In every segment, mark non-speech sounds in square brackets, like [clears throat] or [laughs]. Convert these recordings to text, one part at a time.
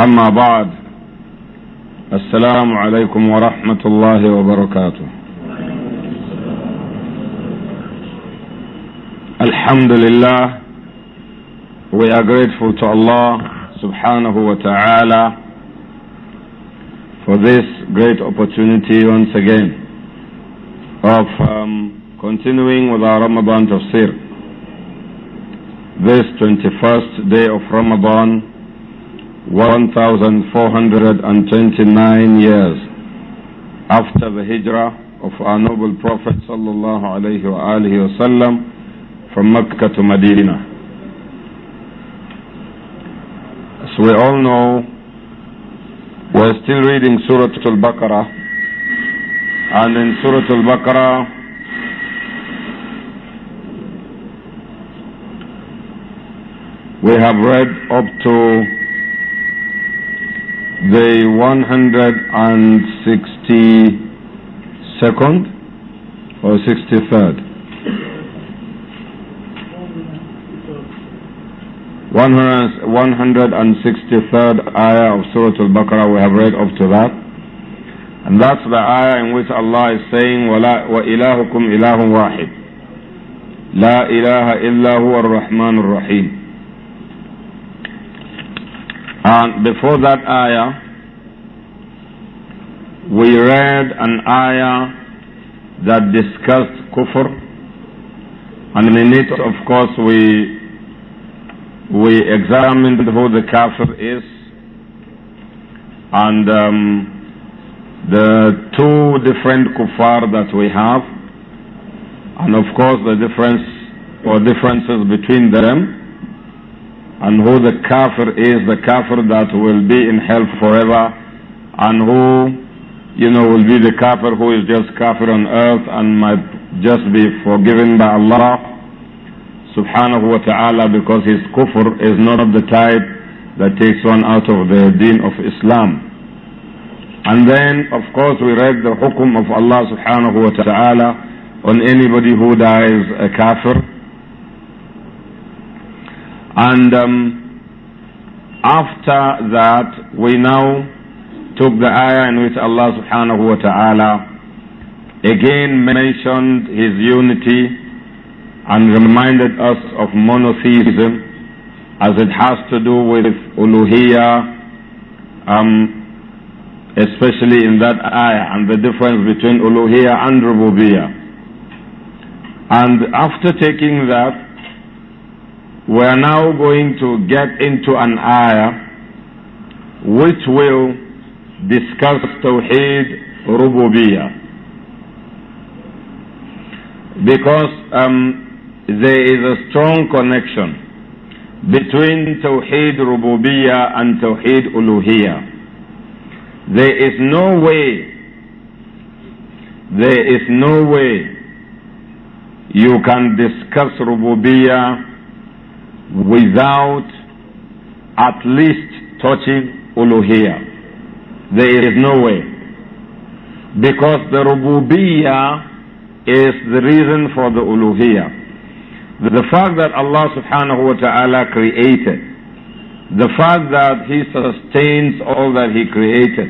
أما بعد السلام عليكم ورحمة الله وبركاته Alhamdulillah we are grateful to Allah subhanahu wa ta'ala for this great opportunity once again of um, continuing with our Ramadan tafsir this 21st day of Ramadan 1429 years after the hijrah of our noble Prophet sallallahu alayhi wa alihi wasallam from Mecca to Medina. As we all know, we're still reading Surah Al-Baqarah and in Surah Al-Baqarah we have read up to the 162nd or 63rd? 163rd ayah of Surah Al-Baqarah we have read up to that. And that's the ayah in which Allah is saying, وَإِلَهُكُمْ إِلَهٌ وَاحِدٌ لَا إِلَهَ إِلَّا هُوَ الرَّحْمَنُ الرَّحِيمُ and before that ayah, we read an ayah that discussed kufr. And in it, of course, we, we examined who the kafir is and um, the two different kuffar that we have. And of course, the difference or differences between them and who the kafir is, the kafir that will be in hell forever, and who, you know, will be the kafir who is just kafir on earth and might just be forgiven by Allah subhanahu wa ta'ala because his kufr is not of the type that takes one out of the deen of Islam. And then, of course, we read the hukum of Allah subhanahu wa ta'ala on anybody who dies a kafir and um, after that, we now took the ayah in which Allah subhanahu wa ta'ala again mentioned His unity and reminded us of monotheism as it has to do with uluhiya, um, especially in that ayah, and the difference between uluhiya and rububiyah. And after taking that, we are now going to get into an ayah which will discuss Tawheed Rububiyyah. Because um, there is a strong connection between Tawheed Rububiyyah and Tawheed Uluhiyyah. There is no way there is no way you can discuss rububiyyah without at least touching uluhiya, There is no way. Because the Rububiya is the reason for the uluhiya. The fact that Allah subhanahu wa ta'ala created, the fact that He sustains all that He created,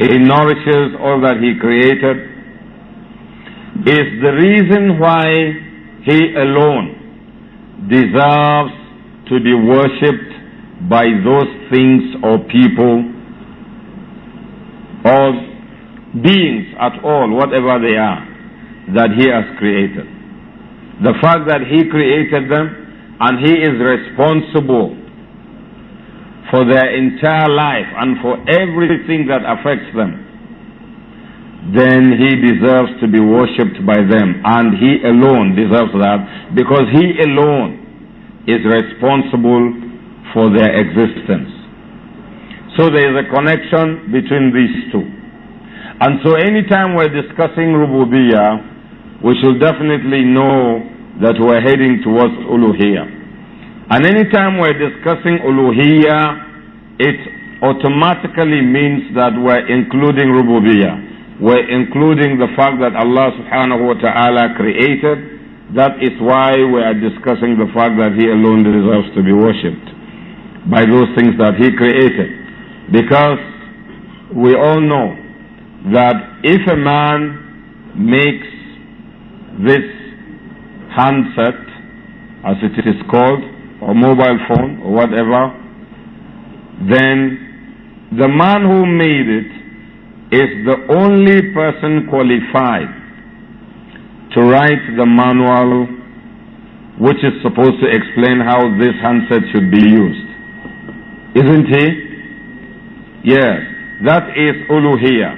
He nourishes all that He created, is the reason why He alone deserves to be worshipped by those things or people or beings at all, whatever they are, that He has created. The fact that He created them and He is responsible for their entire life and for everything that affects them then he deserves to be worshipped by them. And he alone deserves that because he alone is responsible for their existence. So there is a connection between these two. And so anytime we're discussing Rububiya, we should definitely know that we're heading towards Uluhiya, And anytime we're discussing Uluhiya, it automatically means that we're including Rububiya were including the fact that Allah subhanahu wa ta'ala created. That is why we are discussing the fact that He alone deserves to be worshipped by those things that He created. Because we all know that if a man makes this handset, as it is called, or mobile phone, or whatever, then the man who made it is the only person qualified to write the manual which is supposed to explain how this handset should be used. Isn't he? Yes, that is Uluhiya,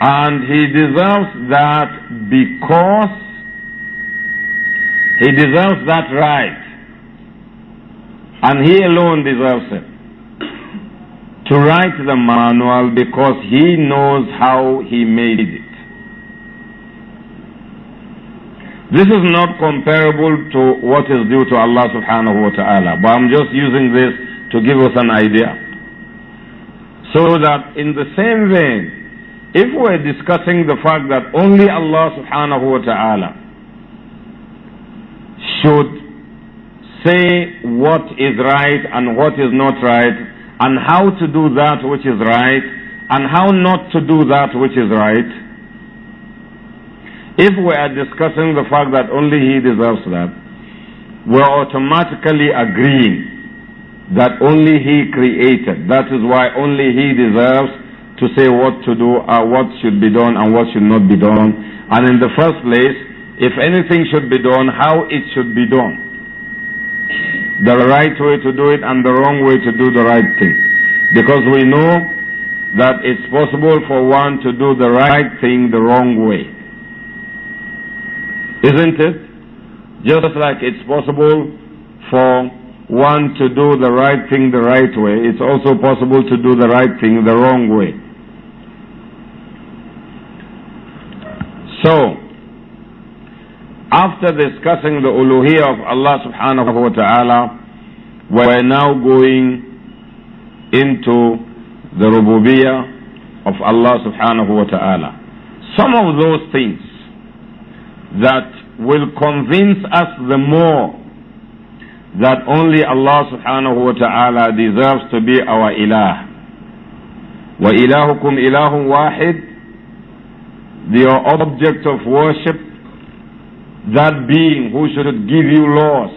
And he deserves that because he deserves that right. And he alone deserves it to write the manual because he knows how he made it. This is not comparable to what is due to Allah subhanahu wa ta'ala, but I'm just using this to give us an idea. So that in the same vein, if we're discussing the fact that only Allah subhanahu wa ta'ala should say what is right and what is not right and how to do that which is right and how not to do that which is right. If we are discussing the fact that only he deserves that, we're automatically agreeing that only he created. That is why only he deserves to say what to do, uh, what should be done and what should not be done. And in the first place, if anything should be done, how it should be done the right way to do it and the wrong way to do the right thing. Because we know that it's possible for one to do the right thing the wrong way. Isn't it? Just like it's possible for one to do the right thing the right way, it's also possible to do the right thing the wrong way. So, after discussing the uluhiyah of Allah subhanahu wa ta'ala, we're now going into the rububiyah of Allah subhanahu wa ta'ala. Some of those things that will convince us the more that only Allah subhanahu wa ta'ala deserves to be our ilah. وَإِلَهُكُمْ إِلَهٌ وَاحِدٌ The object of worship that being who should give you laws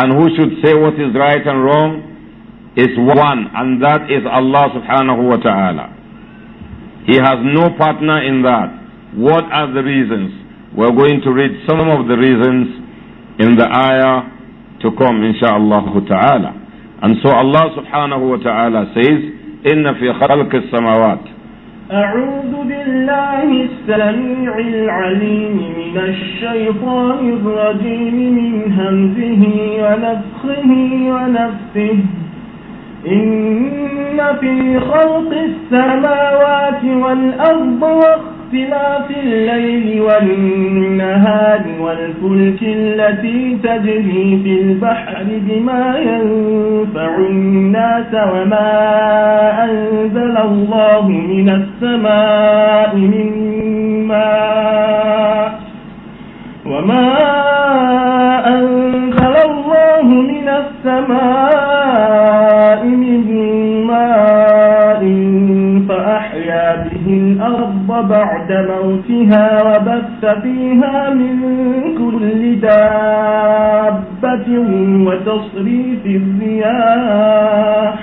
and who should say what is right and wrong is one, and that is Allah subhanahu wa ta'ala. He has no partner in that. What are the reasons? We're going to read some of the reasons in the ayah to come, insha'Allah ta'ala. And so Allah subhanahu wa ta'ala says, إِنَّ فِي خَلْقِ السَّمَاوَاتِ أعوذ بالله السميع العليم من الشيطان الرجيم من همزه ونفخه ونفسه إن في خلق السماوات والأرض واختلاف الليل والنهار والفلك التي تجري في البحر بما ينفع الناس وما أنزل الله من السماء من ماء وما أنزل الله من السماء الأرض بعد موتها وبث فيها من كل دابة وتصريف الرياح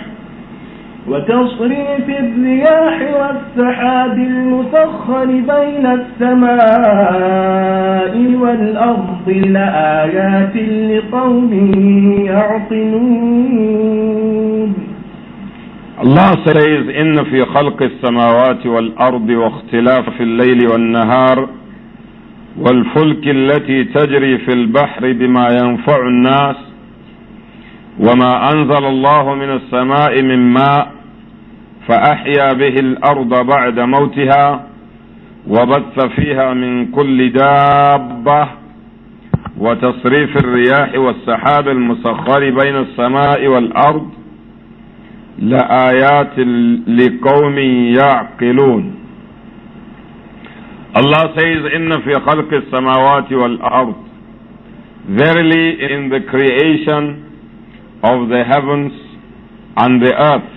وتصريف الرياح والسحاب المسخر بين السماء والأرض لآيات لقوم يعقلون الله says, إن في خلق السماوات والأرض واختلاف في الليل والنهار والفلك التي تجري في البحر بما ينفع الناس وما أنزل الله من السماء من ماء فأحيا به الأرض بعد موتها وبث فيها من كل دابة وتصريف الرياح والسحاب المسخر بين السماء والأرض لآيات لقوم يعقلون Allah says, إن في خلق السماوات والأرض Verily in the creation of the heavens and the earth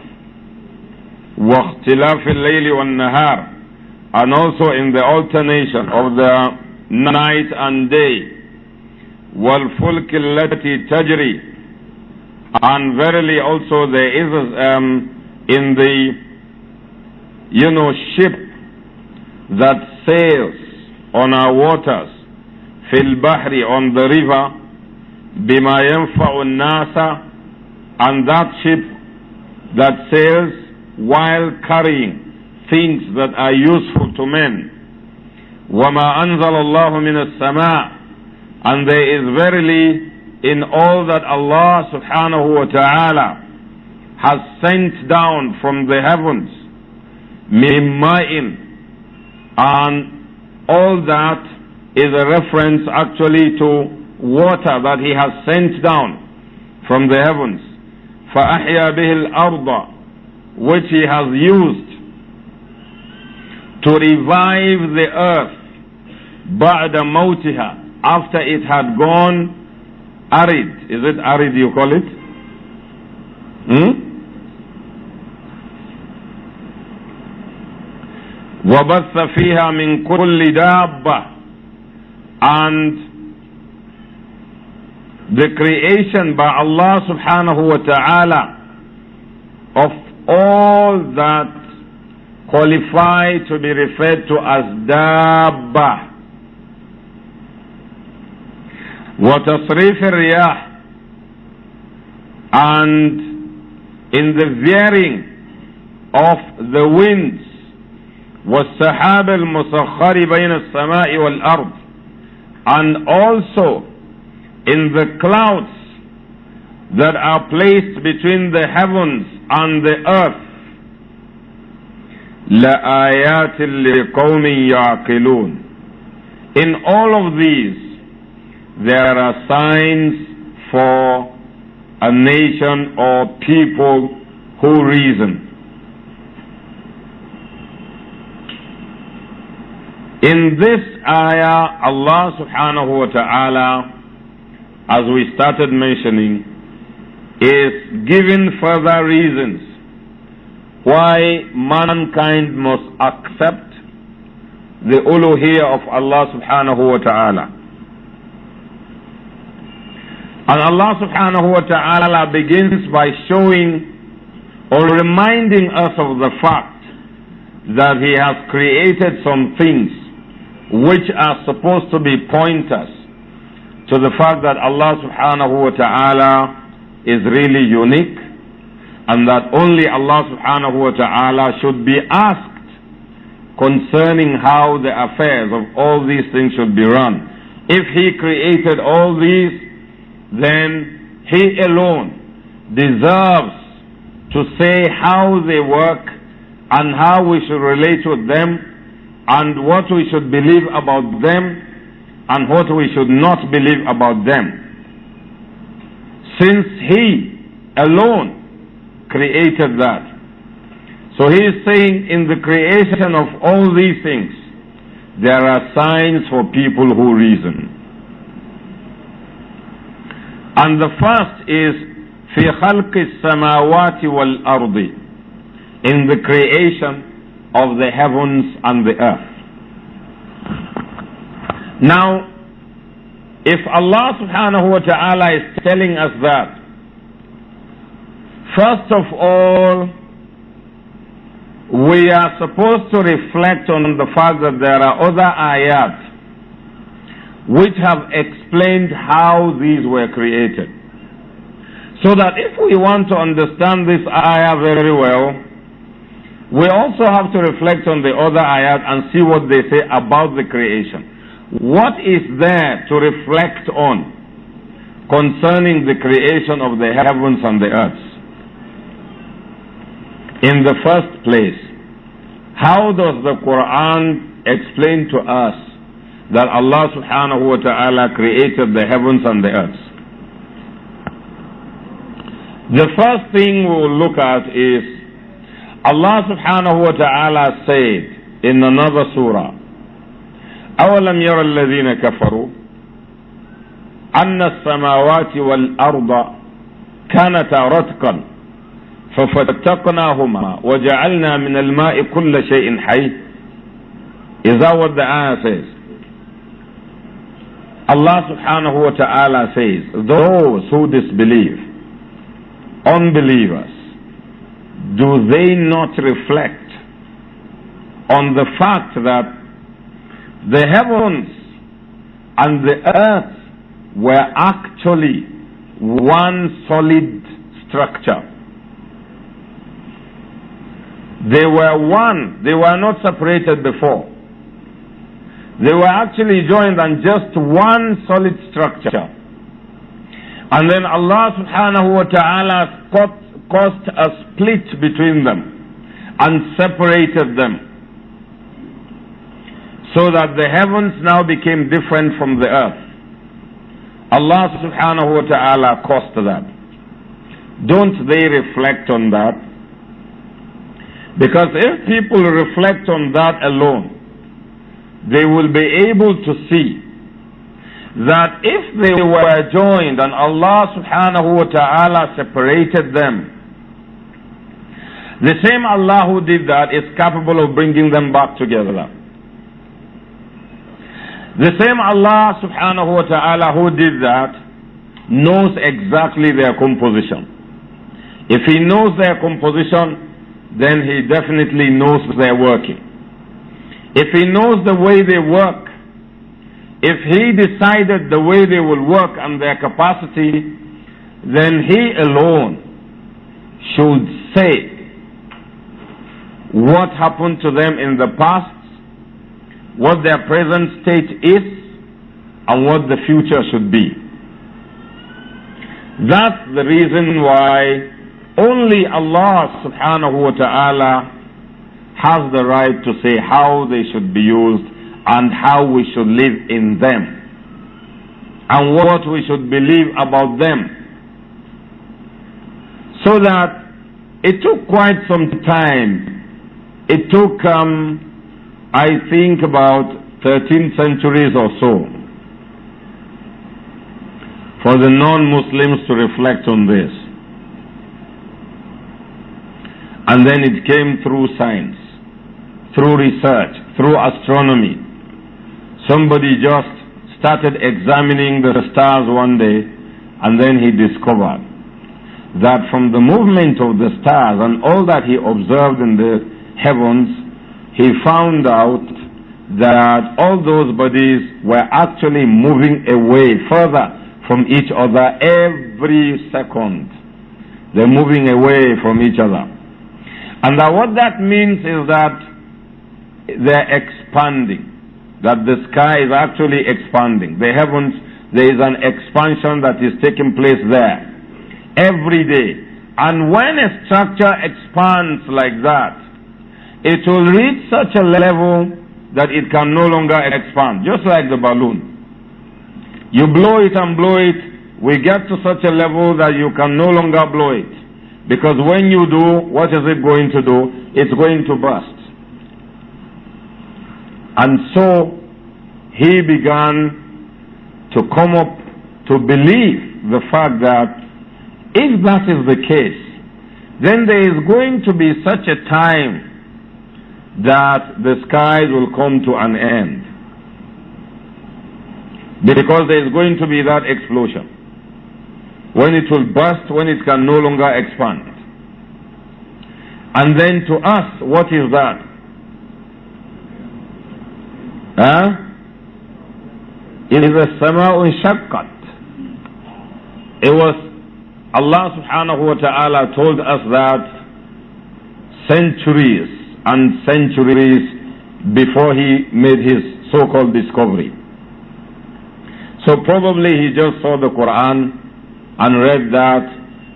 واختلاف الليل والنهار and also in the alternation of the night and day والفلك التي تجري and verily also there is um, in the, you know, ship that sails on our waters, fil bahri on the river, bima ينفع nasa, and that ship that sails while carrying things that are useful to men. وَمَا أَنزَلَ اللَّهُ مِنَ السَّمَاءِ And there is verily in all that Allah subhanahu wa ta'ala has sent down from the heavens, mimma'in, and all that is a reference actually to water that He has sent down from the heavens. فَأَحْيَا بِهِ الْأَرْضَ which He has used to revive the earth بَعْدَ مَوْتِهَا after it had gone arid. Is it arid you call it? Hmm? وبث فيها من كل دابة and the creation by Allah subhanahu wa ta'ala of all that qualify to be referred to as dabba وتصريف الرياح and in the veering of the winds والسحاب المسخر بين السماء والأرض and also in the clouds that are placed between the heavens and the earth لآيات لقوم يعقلون In all of these there are signs for a nation or people who reason. In this ayah, Allah subhanahu wa ta'ala, as we started mentioning, is giving further reasons why mankind must accept the uluhiyah of Allah subhanahu wa ta'ala. And Allah subhanahu wa ta'ala begins by showing or reminding us of the fact that He has created some things which are supposed to be pointers to the fact that Allah subhanahu wa ta'ala is really unique and that only Allah subhanahu wa ta'ala should be asked concerning how the affairs of all these things should be run. If He created all these, then he alone deserves to say how they work and how we should relate with them and what we should believe about them and what we should not believe about them. Since he alone created that. So he is saying in the creation of all these things, there are signs for people who reason. And the first is في خلق السماوات والأرض in the creation of the heavens and the earth. Now, if Allah subhanahu wa ta'ala is telling us that, first of all, we are supposed to reflect on the fact that there are other ayat which have explained how these were created. So that if we want to understand this ayah very well, we also have to reflect on the other ayat and see what they say about the creation. What is there to reflect on concerning the creation of the heavens and the earth? In the first place, how does the Quran explain to us that Allah subhanahu wa ta'ala created the heavens and the earth. The first thing we will look at is Allah subhanahu wa ta'ala said in another surah, أَوَلَمْ يَرَ الَّذِينَ كَفَرُوا أَنَّ السَّمَاوَاتِ وَالْأَرْضَ كَانَتَا رَتْقًا فَفَتَّقْنَاهُمَا وَجَعَلْنَا مِنَ الْمَاءِ كُلَّ شَيْء حَيٍّ Is that what the ayah says? Allah subhanahu wa ta'ala says, those who disbelieve, unbelievers, do they not reflect on the fact that the heavens and the earth were actually one solid structure? They were one, they were not separated before. They were actually joined on just one solid structure. And then Allah subhanahu wa ta'ala caused a split between them and separated them. So that the heavens now became different from the earth. Allah subhanahu wa ta'ala caused that. Don't they reflect on that? Because if people reflect on that alone, they will be able to see that if they were joined and Allah subhanahu wa ta'ala separated them, the same Allah who did that is capable of bringing them back together. The same Allah subhanahu wa ta'ala who did that knows exactly their composition. If He knows their composition, then He definitely knows their working. If he knows the way they work, if he decided the way they will work and their capacity, then he alone should say what happened to them in the past, what their present state is, and what the future should be. That's the reason why only Allah subhanahu wa ta'ala has the right to say how they should be used and how we should live in them and what we should believe about them. So that it took quite some time. It took, um, I think, about 13 centuries or so for the non Muslims to reflect on this. And then it came through science through research, through astronomy. Somebody just started examining the stars one day and then he discovered that from the movement of the stars and all that he observed in the heavens, he found out that all those bodies were actually moving away further from each other every second. They're moving away from each other. And that what that means is that they're expanding. That the sky is actually expanding. The heavens, there is an expansion that is taking place there. Every day. And when a structure expands like that, it will reach such a level that it can no longer expand. Just like the balloon. You blow it and blow it, we get to such a level that you can no longer blow it. Because when you do, what is it going to do? It's going to burst. And so he began to come up to believe the fact that if that is the case, then there is going to be such a time that the skies will come to an end. Because there is going to be that explosion. When it will burst, when it can no longer expand. And then to us, what is that? Huh? It is a sama'u shakat, It was Allah subhanahu wa ta'ala told us that centuries and centuries before he made his so-called discovery. So probably he just saw the Quran and read that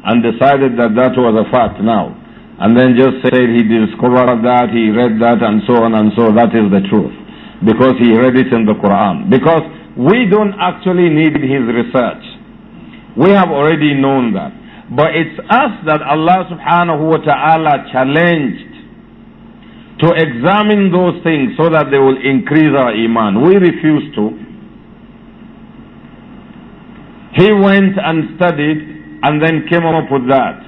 and decided that that was a fact now. And then just said he discovered that, he read that and so on and so. That is the truth because he read it in the Quran. Because we don't actually need his research. We have already known that. But it's us that Allah subhanahu wa ta'ala challenged to examine those things so that they will increase our iman. We refuse to. He went and studied and then came up with that.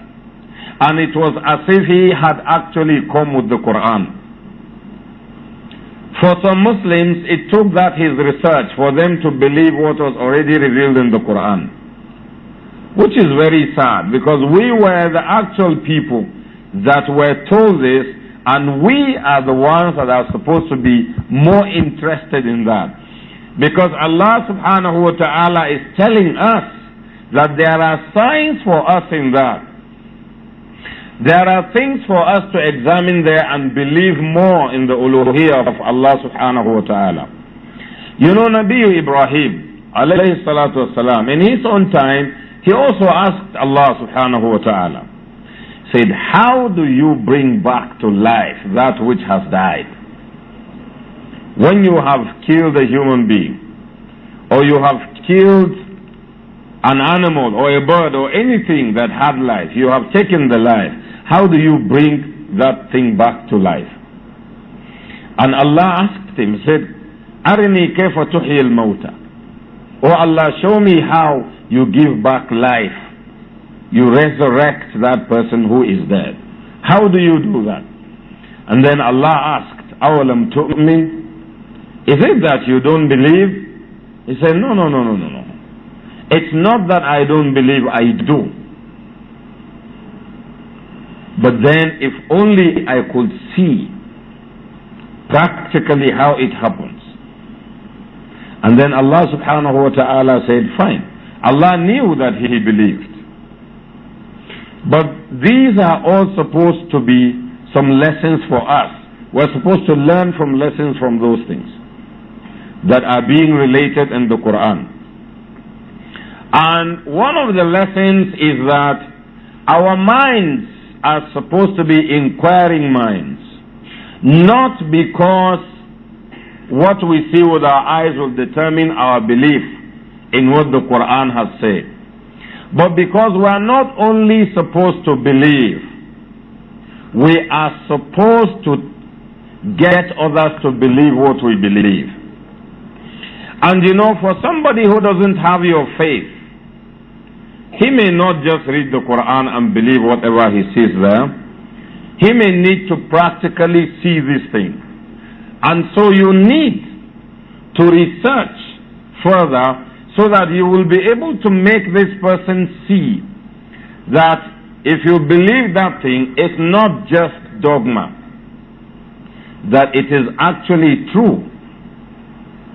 And it was as if he had actually come with the Quran. For some Muslims, it took that his research for them to believe what was already revealed in the Quran. Which is very sad because we were the actual people that were told this and we are the ones that are supposed to be more interested in that. Because Allah subhanahu wa ta'ala is telling us that there are signs for us in that. There are things for us to examine there and believe more in the uluhiyah of Allah subhanahu wa ta'ala. You know Nabi Ibrahim alayhi salatu wasalam, in his own time, he also asked Allah subhanahu wa ta'ala, said, how do you bring back to life that which has died? When you have killed a human being, or you have killed an animal or a bird or anything that had life, you have taken the life, how do you bring that thing back to life? And Allah asked him, said, Arini kayfa tuhi mawta Oh Allah, show me how you give back life. You resurrect that person who is dead. How do you do that? And then Allah asked, أَوَلَمْ تُؤْمِنْ Is it that you don't believe? He said, no, no, no, no, no, no. It's not that I don't believe, I do. But then, if only I could see practically how it happens. And then Allah subhanahu wa ta'ala said, fine. Allah knew that he believed. But these are all supposed to be some lessons for us. We're supposed to learn from lessons from those things that are being related in the Quran. And one of the lessons is that our minds are supposed to be inquiring minds. Not because what we see with our eyes will determine our belief in what the Quran has said, but because we are not only supposed to believe, we are supposed to get others to believe what we believe. And you know, for somebody who doesn't have your faith, he may not just read the Quran and believe whatever he sees there. He may need to practically see this thing. And so you need to research further so that you will be able to make this person see that if you believe that thing, it's not just dogma, that it is actually true,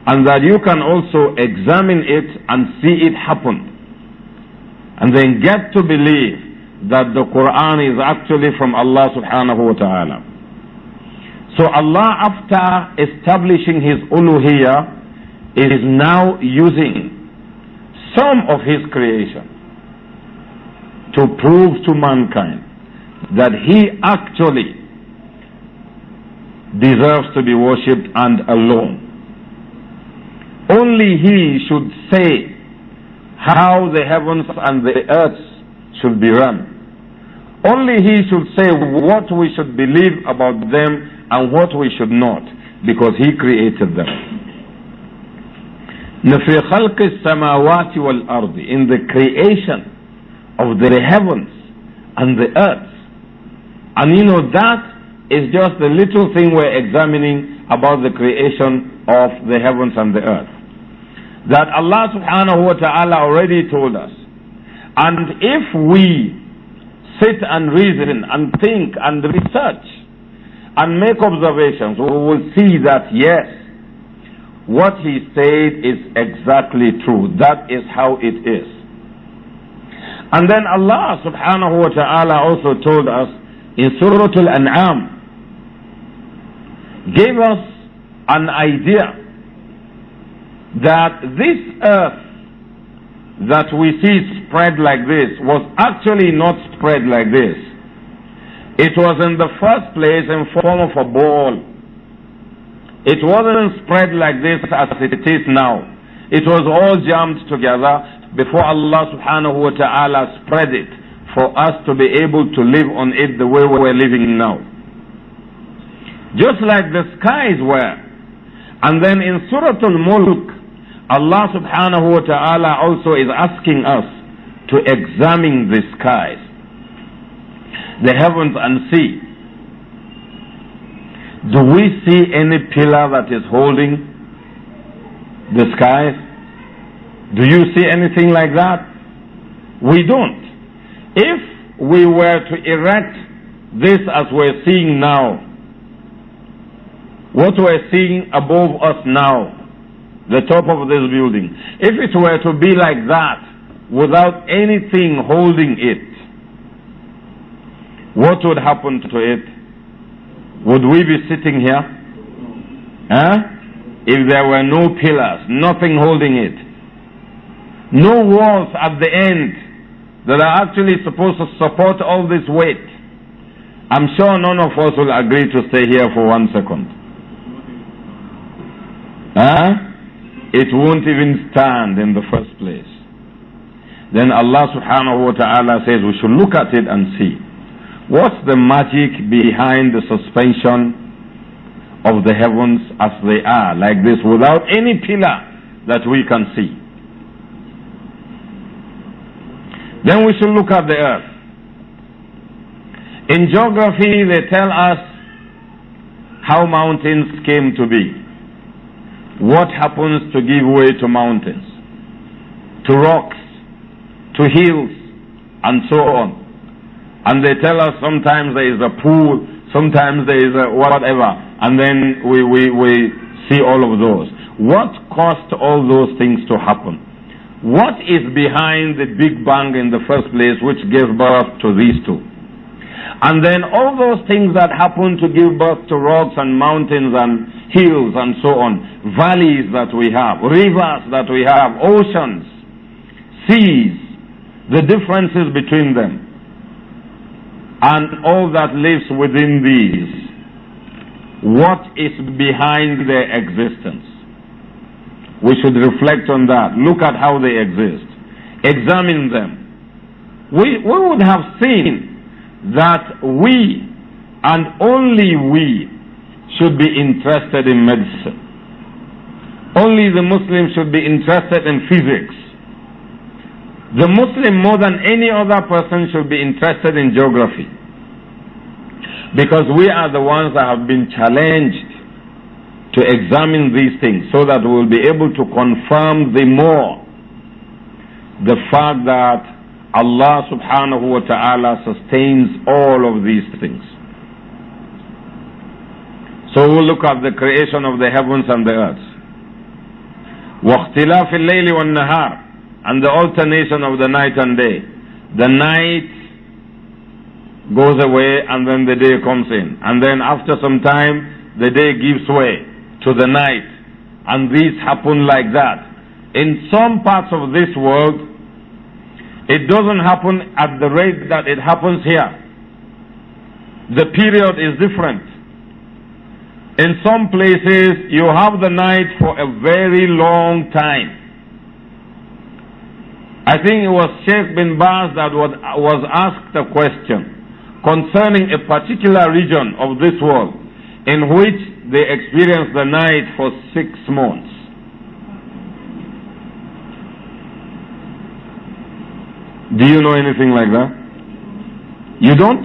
and that you can also examine it and see it happen and then get to believe that the Quran is actually from Allah subhanahu wa ta'ala. So Allah after establishing His uluhiyah is now using some of His creation to prove to mankind that He actually deserves to be worshipped and alone. Only He should say how the heavens and the earth should be run. Only he should say what we should believe about them and what we should not, because he created them. خلق السماوات والأرض in the creation of the heavens and the earth and you know that is just the little thing we're examining about the creation of the heavens and the earth that Allah subhanahu wa ta'ala already told us. And if we sit and reason and think and research and make observations, we will see that yes, what he said is exactly true. That is how it is. And then Allah subhanahu wa ta'ala also told us in Surah Al-An'am, gave us an idea that this earth that we see spread like this was actually not spread like this. It was in the first place in form of a ball. It wasn't spread like this as it is now. It was all jammed together before Allah subhanahu wa ta'ala spread it for us to be able to live on it the way we're living now. Just like the skies were. And then in Surah Al-Mulk, Allah subhanahu wa ta'ala also is asking us to examine the skies, the heavens, and see. Do we see any pillar that is holding the skies? Do you see anything like that? We don't. If we were to erect this as we're seeing now, what we're seeing above us now, the top of this building. If it were to be like that, without anything holding it, what would happen to it? Would we be sitting here? Huh? If there were no pillars, nothing holding it, no walls at the end that are actually supposed to support all this weight, I'm sure none of us will agree to stay here for one second. Huh? it won't even stand in the first place. Then Allah subhanahu wa ta'ala says we should look at it and see. What's the magic behind the suspension of the heavens as they are, like this, without any pillar that we can see? Then we should look at the earth. In geography, they tell us how mountains came to be. What happens to give way to mountains, to rocks, to hills, and so on. And they tell us sometimes there is a pool, sometimes there is a whatever, and then we, we, we see all of those. What caused all those things to happen? What is behind the Big Bang in the first place which gave birth to these two? And then all those things that happen to give birth to rocks and mountains and hills and so on, valleys that we have, rivers that we have, oceans, seas, the differences between them, and all that lives within these what is behind their existence. We should reflect on that. Look at how they exist. Examine them. We, we would have seen that we and only we should be interested in medicine. Only the Muslim should be interested in physics. The Muslim more than any other person should be interested in geography. Because we are the ones that have been challenged to examine these things so that we will be able to confirm the more the fact that Allah subhanahu wa ta'ala sustains all of these things. So we'll look at the creation of the heavens and the earth. وَاخْتِلَافِ اللَّيْلِ وَالنَّهَارِ And the alternation of the night and day. The night goes away and then the day comes in. And then after some time, the day gives way to the night. And these happen like that. In some parts of this world, it doesn't happen at the rate that it happens here. The period is different. In some places, you have the night for a very long time. I think it was Sheikh bin Baz that was asked a question concerning a particular region of this world in which they experienced the night for six months. Do you know anything like that? You don't?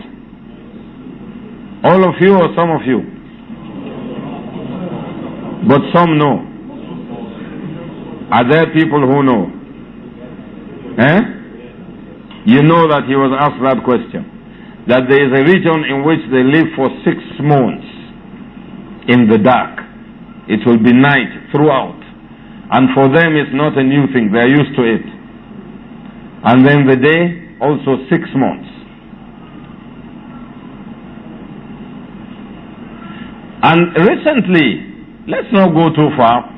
All of you or some of you? But some know. Are there people who know? Eh? You know that he was asked that question. That there is a region in which they live for six months in the dark. It will be night throughout. And for them it's not a new thing, they are used to it. And then the day, also six months. And recently, let's not go too far.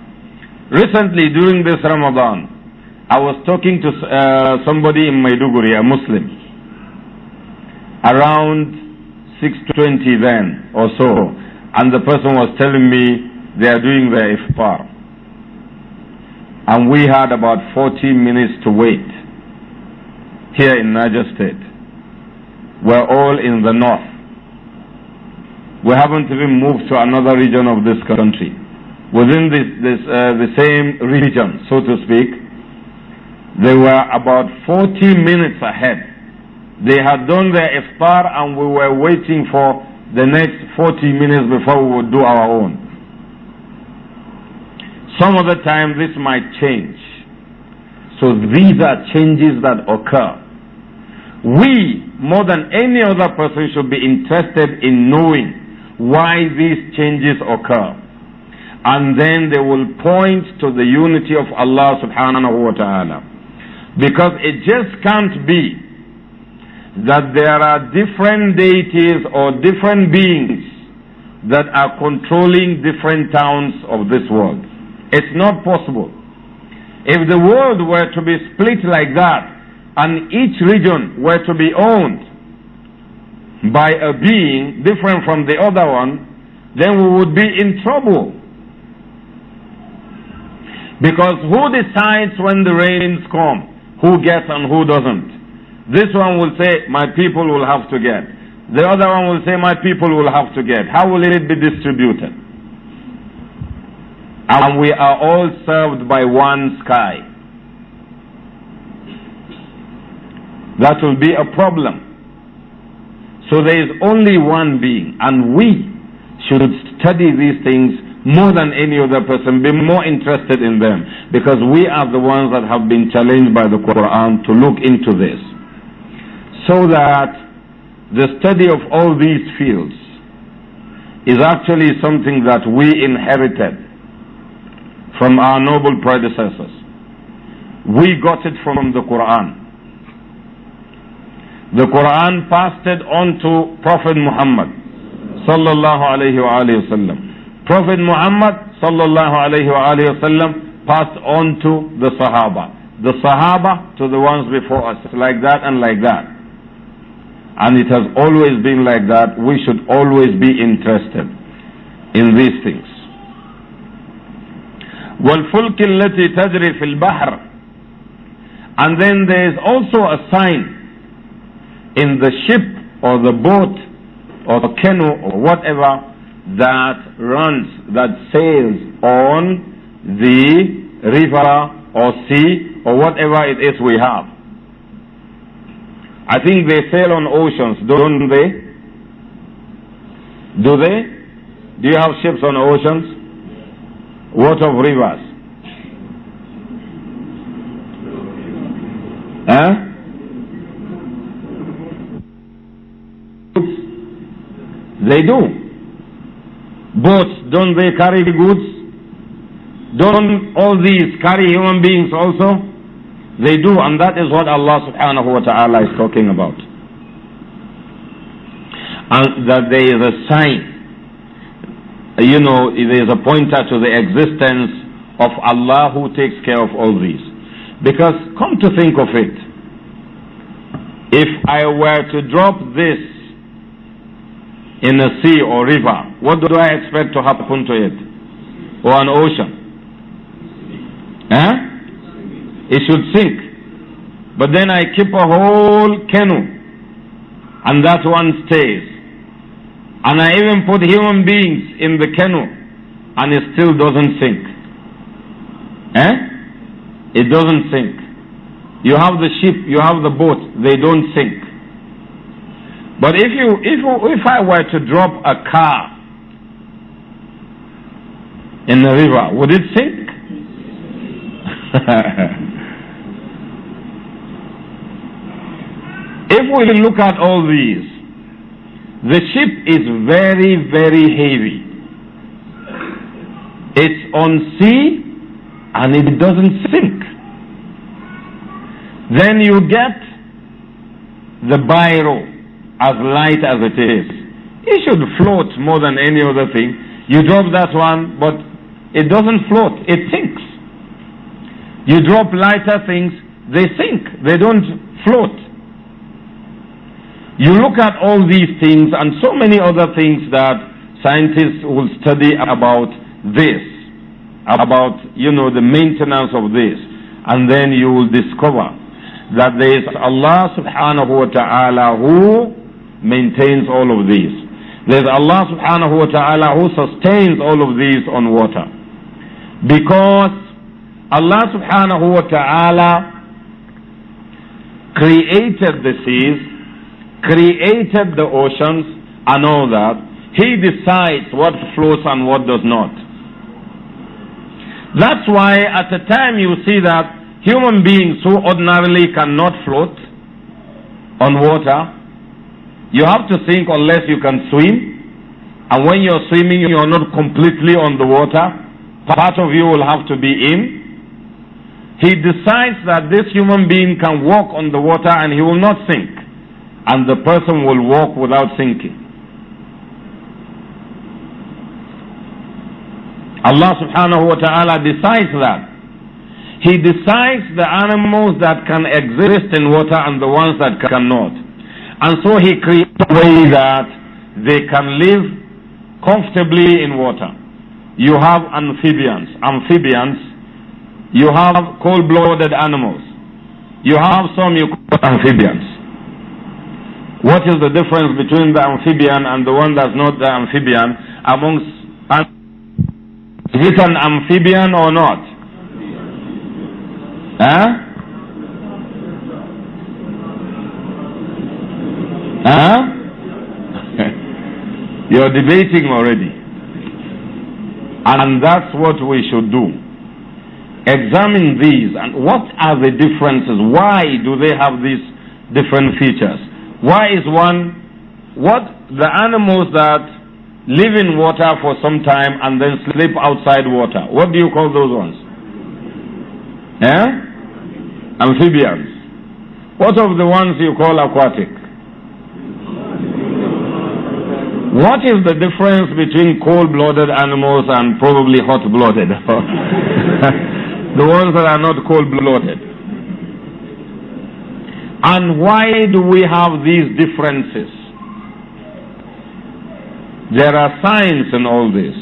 Recently, during this Ramadan, I was talking to uh, somebody in Maiduguri, a Muslim, around 6.20 then or so, and the person was telling me they are doing their iftar. And we had about 40 minutes to wait here in Niger State. We're all in the north. We haven't even moved to another region of this country. Within this, this uh, the same region, so to speak, they were about 40 minutes ahead. They had done their iftar and we were waiting for the next 40 minutes before we would do our own. Some of the time this might change. So these are changes that occur. We, more than any other person, should be interested in knowing why these changes occur. And then they will point to the unity of Allah subhanahu wa ta'ala. Because it just can't be that there are different deities or different beings that are controlling different towns of this world. It's not possible. If the world were to be split like that, and each region were to be owned by a being different from the other one, then we would be in trouble. Because who decides when the rains come? Who gets and who doesn't? This one will say, my people will have to get. The other one will say, my people will have to get. How will it be distributed? And we are all served by one sky. That will be a problem. So there is only one being, and we should study these things more than any other person, be more interested in them, because we are the ones that have been challenged by the Quran to look into this. So that the study of all these fields is actually something that we inherited from our noble predecessors. We got it from the Quran. The Quran passed it on to Prophet Muhammad sallallahu alayhi wa Prophet Muhammad sallallahu alayhi wa passed on to the Sahaba. The Sahaba to the ones before us, like that and like that. And it has always been like that. We should always be interested in these things. والفلك التي تجري في البحر and then there is also a sign in the ship or the boat or the canoe or whatever that runs, that sails on the river or sea or whatever it is we have. I think they sail on oceans, don't they? Do they? Do you have ships on oceans? What of rivers? Huh? They do. Boats, don't they carry goods? Don't all these carry human beings also? They do, and that is what Allah subhanahu wa ta'ala is talking about. And that there is a sign, you know, there is a pointer to the existence of Allah who takes care of all these. Because come to think of it, if I were to drop this in a sea or river, what do I expect to happen to it? Or an ocean? Eh? It should sink. But then I keep a whole canoe and that one stays. And I even put human beings in the canoe and it still doesn't sink. Eh? It doesn't sink. You have the ship, you have the boat, they don't sink. But if you if if I were to drop a car in the river, would it sink? [laughs] if we look at all these, the ship is very, very heavy. It's on sea and it doesn't sink. Then you get the biro as light as it is. It should float more than any other thing. You drop that one, but it doesn't float, it sinks. You drop lighter things, they sink, they don't float. You look at all these things and so many other things that scientists will study about this, about, you know, the maintenance of this, and then you will discover that there is Allah subhanahu wa ta'ala who maintains all of these. There's Allah subhanahu wa ta'ala who sustains all of these on water. Because Allah subhanahu wa ta'ala created the seas, created the oceans, and all that. He decides what flows and what does not. That's why at the time you see that human beings who ordinarily cannot float on water, you have to think unless you can swim. And when you're swimming, you're not completely on the water. Part of you will have to be in. He decides that this human being can walk on the water and he will not sink. And the person will walk without sinking. Allah subhanahu wa ta'ala decides that. He decides the animals that can exist in water and the ones that cannot. And so he created a way that they can live comfortably in water. You have amphibians, amphibians. You have cold-blooded animals. You have some you call amphibians. What is the difference between the amphibian and the one that's not the amphibian amongst is it an amphibian or not? Huh? Huh? [laughs] You're debating already. And that's what we should do. Examine these and what are the differences? Why do they have these different features? Why is one, what the animals that live in water for some time and then sleep outside water, what do you call those ones? Yeah, Amphibians. What of the ones you call aquatic? What is the difference between cold-blooded animals and probably hot-blooded? [laughs] the ones that are not cold-blooded. And why do we have these differences? There are signs in all this.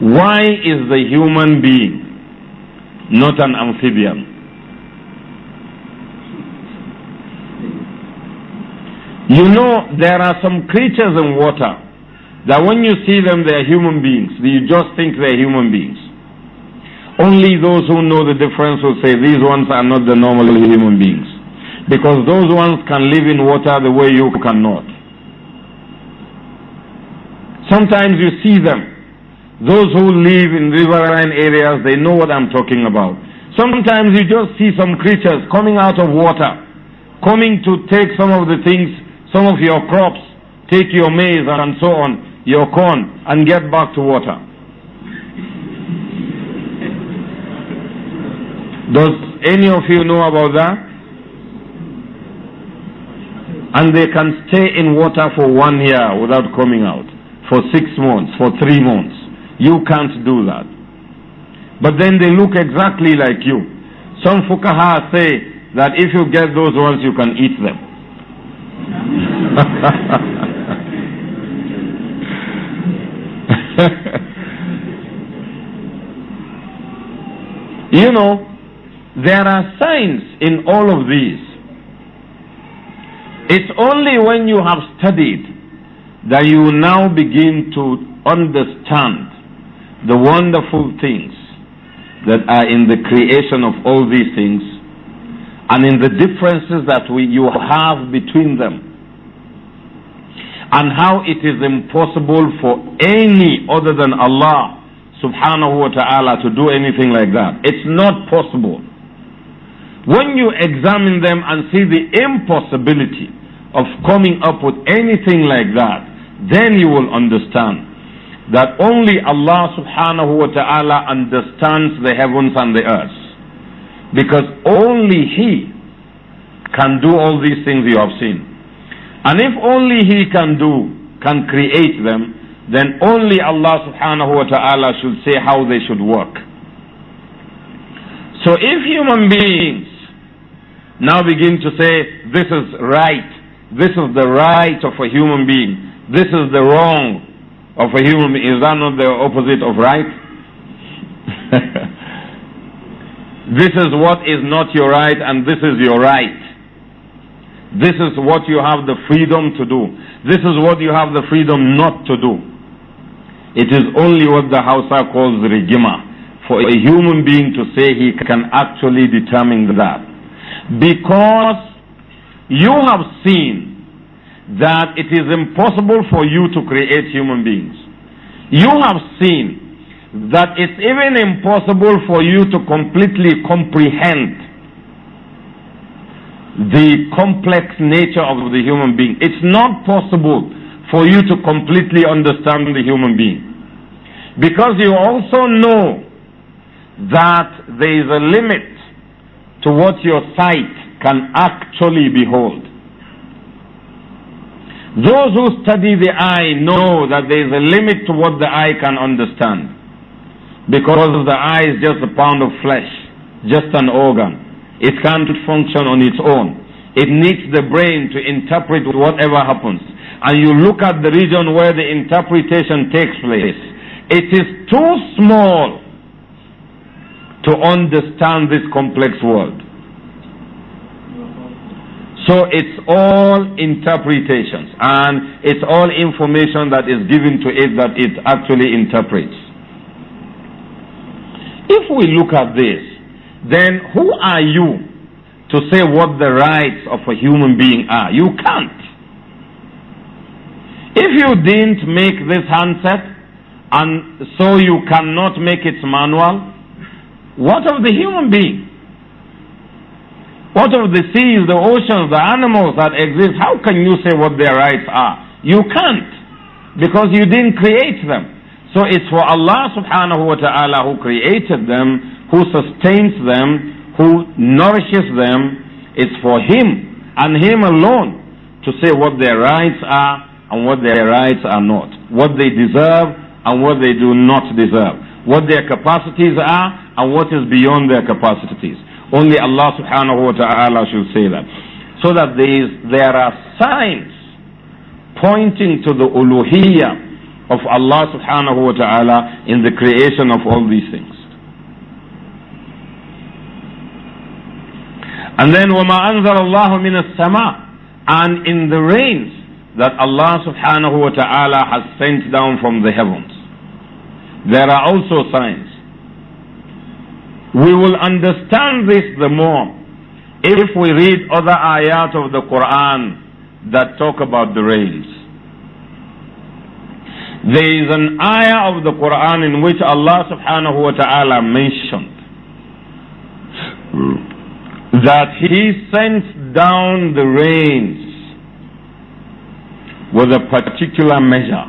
Why is the human being not an amphibian? You know, there are some creatures in water that when you see them, they are human beings. You just think they are human beings. Only those who know the difference will say these ones are not the normal human beings. Because those ones can live in water the way you cannot. Sometimes you see them. Those who live in riverine areas, they know what I'm talking about. Sometimes you just see some creatures coming out of water, coming to take some of the things some of your crops, take your maize and so on, your corn, and get back to water. Does any of you know about that? And they can stay in water for one year without coming out, for six months, for three months. You can't do that. But then they look exactly like you. Some fukaha say that if you get those ones, you can eat them. [laughs] you know, there are signs in all of these. It's only when you have studied that you now begin to understand the wonderful things that are in the creation of all these things and in the differences that we, you have between them. And how it is impossible for any other than Allah subhanahu wa ta'ala to do anything like that. It's not possible. When you examine them and see the impossibility of coming up with anything like that, then you will understand that only Allah subhanahu wa ta'ala understands the heavens and the earth because only He can do all these things you have seen. And if only He can do, can create them, then only Allah subhanahu wa ta'ala should say how they should work. So if human beings now begin to say, this is right, this is the right of a human being, this is the wrong of a human being, is that not the opposite of right? [laughs] This is what is not your right and this is your right. This is what you have the freedom to do. This is what you have the freedom not to do. It is only what the Hausa calls rigima. For a human being to say he can actually determine that. Because you have seen that it is impossible for you to create human beings. You have seen that it's even impossible for you to completely comprehend the complex nature of the human being. It's not possible for you to completely understand the human being. Because you also know that there is a limit to what your sight can actually behold. Those who study the eye know that there is a limit to what the eye can understand because the eye is just a pound of flesh, just an organ. It can't function on its own. It needs the brain to interpret whatever happens. And you look at the region where the interpretation takes place. It is too small to understand this complex world. So it's all interpretations and it's all information that is given to it that it actually interprets. If we look at this, then who are you to say what the rights of a human being are? You can't. If you didn't make this handset and so you cannot make its manual, what of the human being? What of the seas, the oceans, the animals that exist? How can you say what their rights are? You can't because you didn't create them. So it's for Allah subhanahu wa ta'ala who created them, who sustains them, who nourishes them. It's for Him and Him alone to say what their rights are and what their rights are not, what they deserve and what they do not deserve, what their capacities are and what is beyond their capacities. Only Allah subhanahu wa ta'ala should say that. So that there are signs pointing to the uluhiya of Allah subhanahu wa ta'ala in the creation of all these things. And then وَمَا أَنزَلَ اللَّهُ مِنَ السَّمَاءِ And in the rains that Allah subhanahu wa ta'ala has sent down from the heavens. There are also signs. We will understand this the more if we read other ayat of the Quran that talk about the rains. There is an ayah of the Quran in which Allah subhanahu wa ta'ala mentioned that He sends down the rains with a particular measure.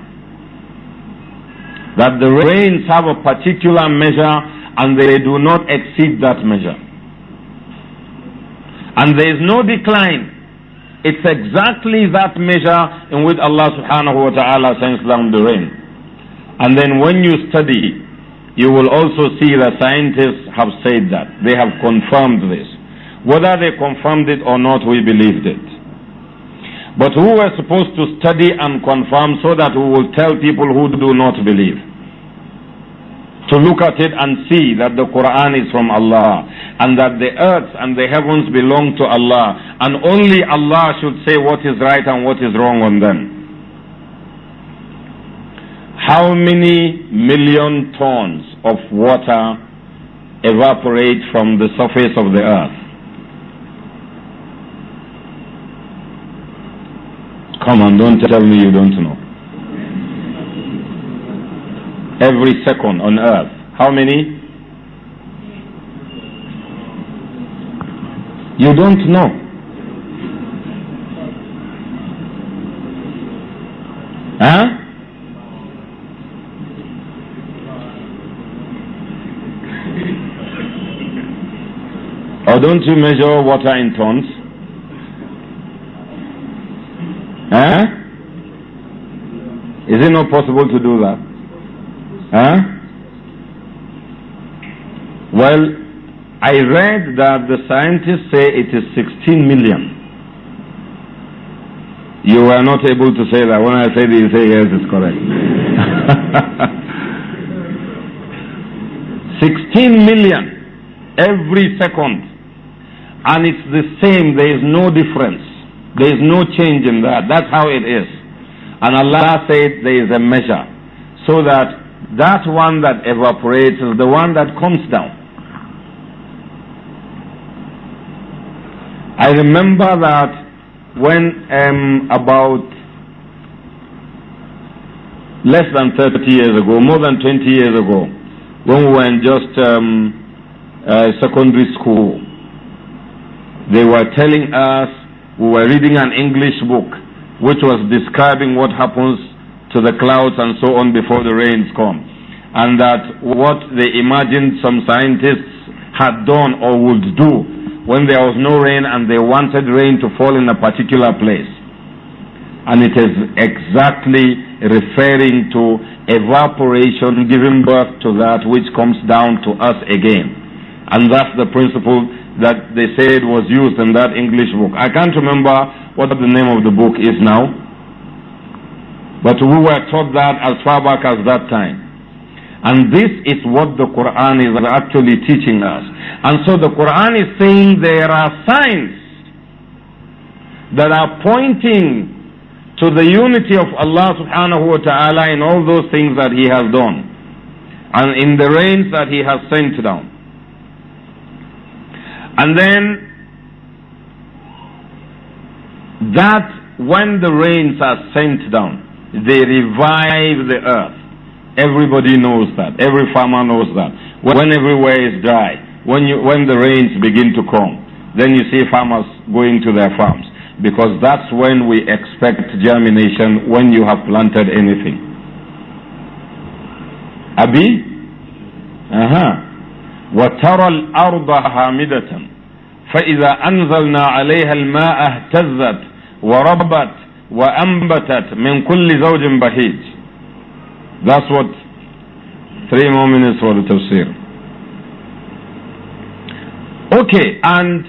That the rains have a particular measure and they do not exceed that measure. And there is no decline it's exactly that measure in which Allah subhanahu wa ta'ala sends down the rain. And then when you study, you will also see that scientists have said that. They have confirmed this. Whether they confirmed it or not, we believed it. But who were supposed to study and confirm so that we will tell people who do not believe? To look at it and see that the Quran is from Allah, and that the earth and the heavens belong to Allah, and only Allah should say what is right and what is wrong on them. How many million tons of water evaporate from the surface of the earth? Come on, don't tell me you don't know. Every second on earth. How many? You don't know. Huh? Or don't you measure water in tons? Huh? Is it not possible to do that? Huh? Well, I read that the scientists say it is 16 million. You were not able to say that. When I said it, you say yes, it's correct. [laughs] 16 million every second. And it's the same. There is no difference. There is no change in that. That's how it is. And Allah said there is a measure. So that that one that evaporates is the one that comes down. I remember that when um, about less than 30 years ago, more than 20 years ago, when we were in just um, uh, secondary school, they were telling us we were reading an English book which was describing what happens to the clouds and so on before the rains come. And that what they imagined some scientists had done or would do when there was no rain and they wanted rain to fall in a particular place. And it is exactly referring to evaporation giving birth to that which comes down to us again. And that's the principle that they said was used in that English book. I can't remember what the name of the book is now, but we were taught that as far back as that time. And this is what the Quran is actually teaching us. And so the Quran is saying there are signs that are pointing to the unity of Allah subhanahu wa ta'ala in all those things that He has done and in the rains that He has sent down. And then that when the rains are sent down, they revive the earth. Everybody knows that. Every farmer knows that. When everywhere is dry, when, you, when the rains begin to come, then you see farmers going to their farms. Because that's when we expect germination when you have planted anything. Abi? Uh-huh. وترى الأرض هامدة فإذا أنزلنا عليها الماء اهتزت وربت وأنبتت من كل زوج بهيج that's what three more minutes for the tafsir. Okay, and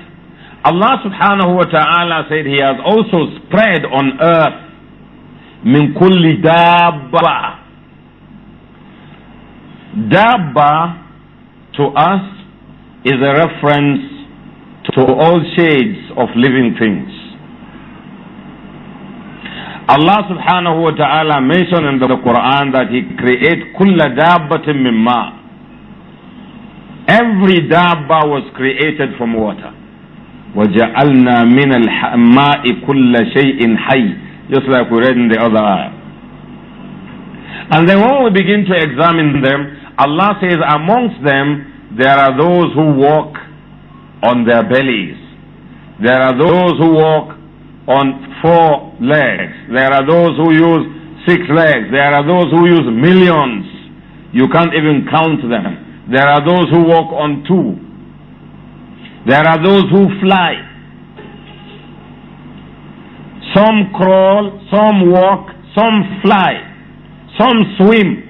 Allah subhanahu wa ta'ala said He has also spread on earth min kulli dabba. Dabba to us is a reference to all shades of living things. Allah subhanahu wa ta'ala mentioned in the Quran that He created kulla dabbatin mimma. Every dabba was created from water. وَجَعَلْنَا مِنَ الْمَاءِ كُلَّ شَيْءٍ حَيٍّ Just like we read in the other ayah. And then when we begin to examine them, Allah says amongst them there are those who walk on their bellies. There are those who walk on four legs. There are those who use six legs. There are those who use millions. You can't even count them. There are those who walk on two. There are those who fly. Some crawl, some walk, some fly, some swim.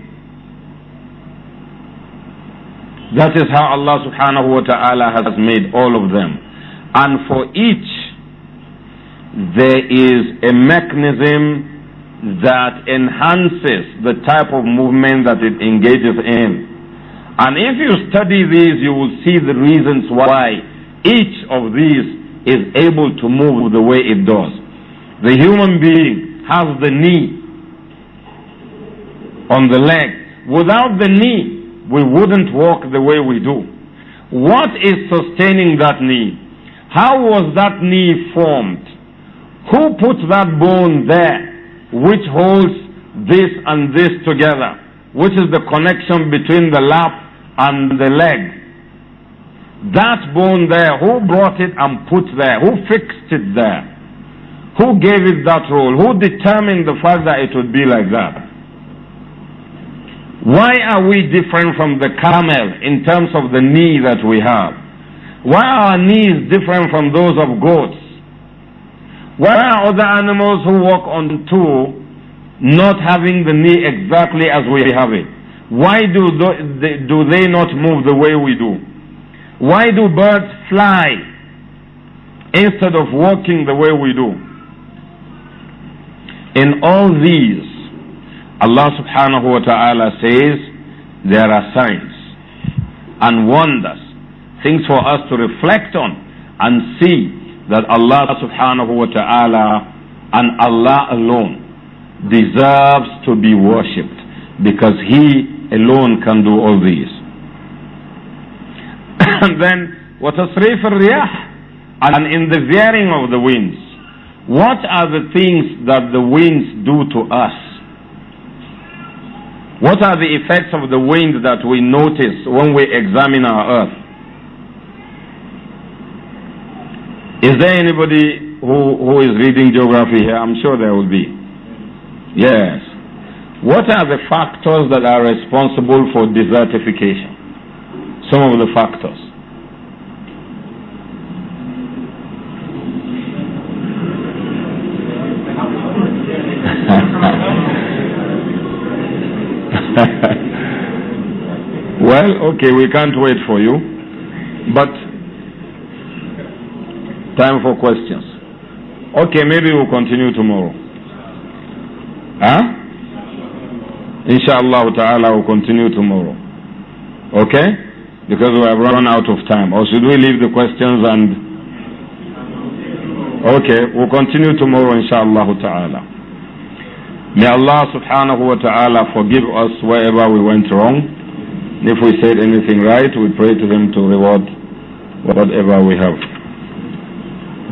That is how Allah subhanahu wa ta'ala has made all of them. And for each there is a mechanism that enhances the type of movement that it engages in. And if you study these, you will see the reasons why each of these is able to move the way it does. The human being has the knee on the leg. Without the knee, we wouldn't walk the way we do. What is sustaining that knee? How was that knee formed? Who put that bone there which holds this and this together, which is the connection between the lap and the leg? That bone there, who brought it and put there? Who fixed it there? Who gave it that role? Who determined the fact that it would be like that? Why are we different from the camel in terms of the knee that we have? Why are our knees different from those of goats? Why are other animals who walk on two not having the knee exactly as we have it? Why do they, do they not move the way we do? Why do birds fly instead of walking the way we do? In all these, Allah subhanahu wa ta'ala says there are signs and wonders, things for us to reflect on and see that Allah subhanahu wa ta'ala and Allah alone deserves to be worshipped because He alone can do all these. [coughs] and then, وَتَصْرِيفِ الرِّيَاحِ And in the veering of the winds, what are the things that the winds do to us? What are the effects of the wind that we notice when we examine our earth? Is there anybody who, who is reading geography here? I'm sure there will be. Yes. What are the factors that are responsible for desertification? Some of the factors. [laughs] well, okay, we can't wait for you. But Time for questions. Okay, maybe we'll continue tomorrow. Huh? Inshallah ta'ala we'll continue tomorrow. Okay? Because we have run out of time. Or should we leave the questions and... Okay, we'll continue tomorrow inshallah ta'ala. May Allah subhanahu wa ta'ala forgive us wherever we went wrong. If we said anything right, we pray to Him to reward whatever we have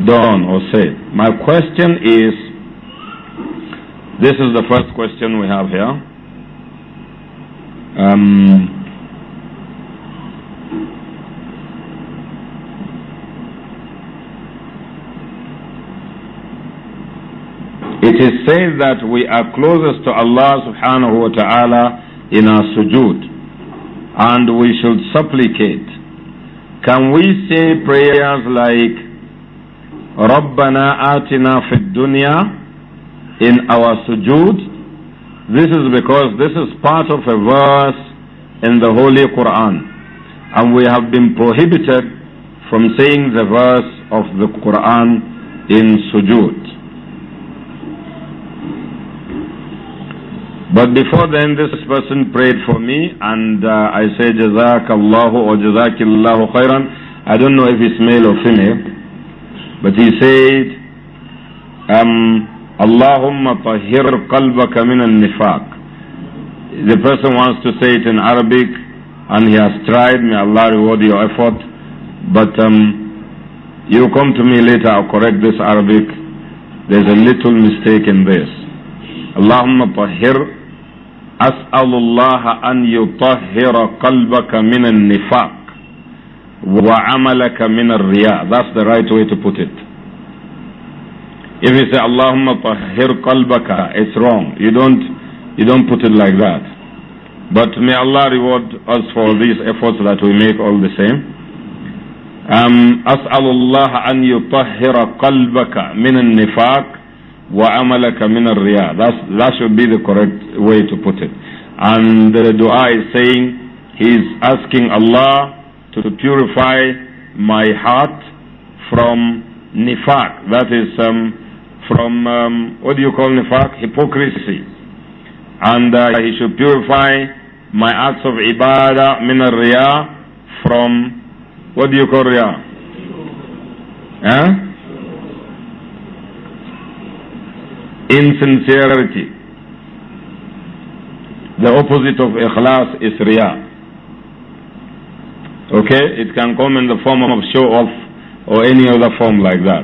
done or said. My question is this is the first question we have here. Um, it is said that we are closest to Allah subhanahu wa ta'ala in our sujood and we should supplicate. Can we say prayers like رَبَّنَا آتِنَا فِي الدُّنْيَا in our sujood. This is because this is part of a verse in the Holy Quran. And we have been prohibited from saying the verse of the Quran in sujood. But before then, this person prayed for me, and uh, I say, Jazakallahu or Jazakillahu khairan. I don't know if it's male or female. But he said, um, Allahumma tahir qalbaka min al-nifaq. The person wants to say it in Arabic and he has tried. May Allah reward your effort. But um, you come to me later, I'll correct this Arabic. There's a little mistake in this. Allahumma tahhir. أسأل الله أن يطهر قلبك من nifaq. وَعَمَلَكَ مِنَ الرِّيَاءِ That's the right way to put it. If you say, Allahumma tahhir kalbaka, it's wrong. You don't, you don't put it like that. But may Allah reward us for these efforts that we make all the same. Um, أسأل الله أن يطهر قلبك من النفاق وعملك من الرياء. That's, that should be the correct way to put it. And the dua is saying, he's asking Allah to purify my heart from nifaq. That is um, from, um, what do you call nifaq? Hypocrisy. And uh, he should purify my acts of ibadah min riya from, what do you call riya? Huh? Insincerity. The opposite of ikhlas is riyah. Okay? It can come in the form of show off or any other form like that.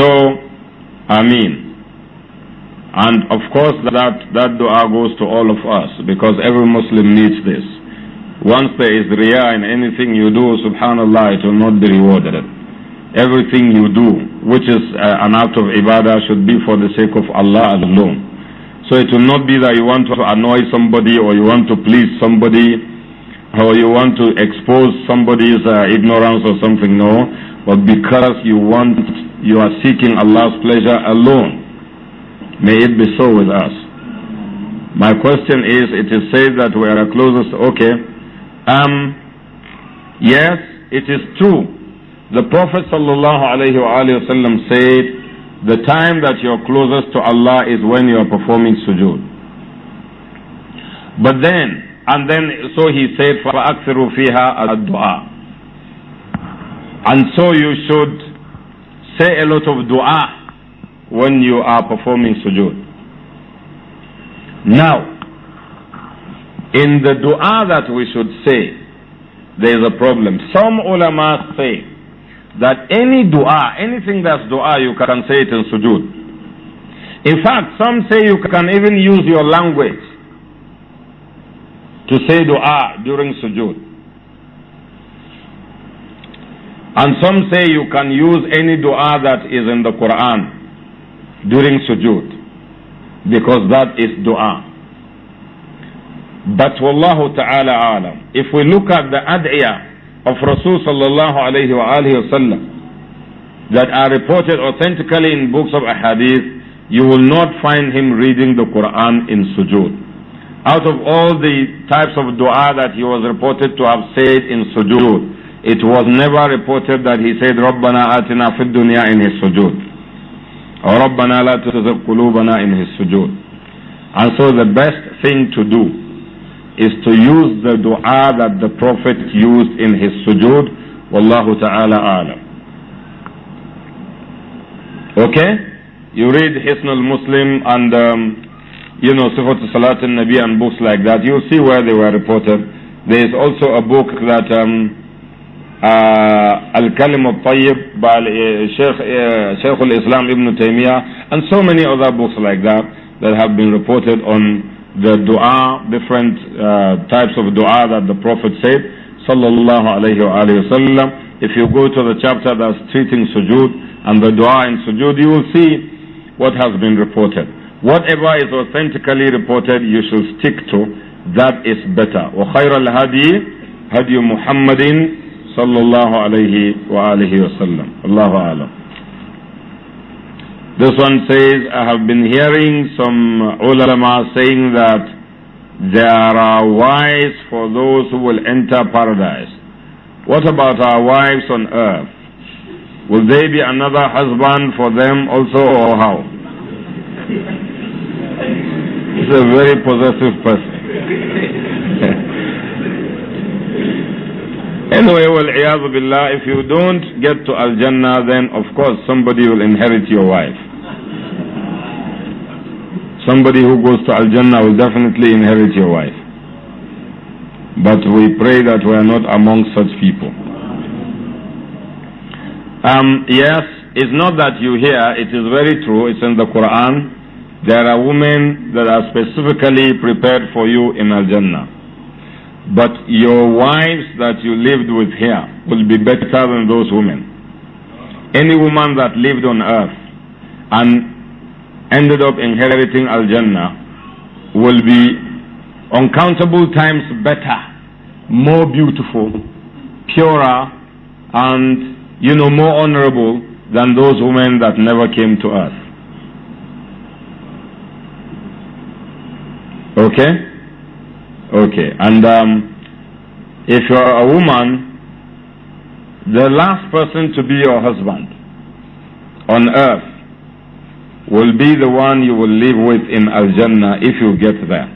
So, I mean, and of course that, that dua goes to all of us because every Muslim needs this. Once there is riyah in anything you do, subhanallah, it will not be rewarded. Everything you do, which is uh, an act of ibadah, should be for the sake of Allah alone. So it will not be that you want to annoy somebody or you want to please somebody or you want to expose somebody's uh, ignorance or something, no. But because you want, you are seeking Allah's pleasure alone. May it be so with us. My question is, it is said that we are closest, okay. Um, yes, it is true. The Prophet wasallam said, the time that you're closest to Allah is when you are performing sujood. But then, and then, so he said, فَأَكْثِرُوا فِيهَا And so you should say a lot of dua when you are performing sujood. Now, in the dua that we should say, there is a problem. Some ulama say that any dua, anything that's dua, you can say it in sujood. In fact, some say you can even use your language to say dua during sujood. And some say you can use any dua that is in the Quran during sujood because that is dua. But wallahu ta'ala alam. If we look at the ad'iyah of Rasul sallallahu alayhi wa alayhi that are reported authentically in books of ahadith, you will not find him reading the Quran in sujood. Out of all the types of dua that he was reported to have said in sujood, it was never reported that he said, رَبَّنَا atina fid dunya in his sujood. Or رَبَّنَا لَا تُزِغْ in his sujood. And so the best thing to do is to use the dua that the Prophet used in his sujood. Wallahu ta'ala alam. Okay? You read Hisn al-Muslim and um, you know, Sifat Salat and Nabi and books like that, you'll see where they were reported. There is also a book that um, uh, Al-Kalim al-Tayyib by uh, Sheikh, uh, Sheikh al-Islam Ibn Taymiyyah and so many other books like that that have been reported on the dua, different uh, types of dua that the Prophet said sallallahu Alaihi Wasallam. if you go to the chapter that's treating sujood and the dua in sujood, you will see what has been reported. Whatever is authentically reported, you should stick to. That is better. وخير الهدي هدي محمد صلى الله عليه وآله وسلم الله أعلم This one says, I have been hearing some ulama saying that there are wives for those who will enter paradise. What about our wives on earth? Will there be another husband for them also or how? He's a very possessive person. [laughs] anyway, well, billah, if you don't get to Al Jannah, then of course somebody will inherit your wife. Somebody who goes to Al Jannah will definitely inherit your wife. But we pray that we are not among such people. Um, yes, it's not that you hear, it is very true, it's in the Quran. There are women that are specifically prepared for you in Al-Jannah. But your wives that you lived with here will be better than those women. Any woman that lived on earth and ended up inheriting Al-Jannah will be uncountable times better, more beautiful, purer, and, you know, more honorable than those women that never came to earth. Okay? Okay. And um, if you're a woman, the last person to be your husband on earth will be the one you will live with in Al Jannah if you get there.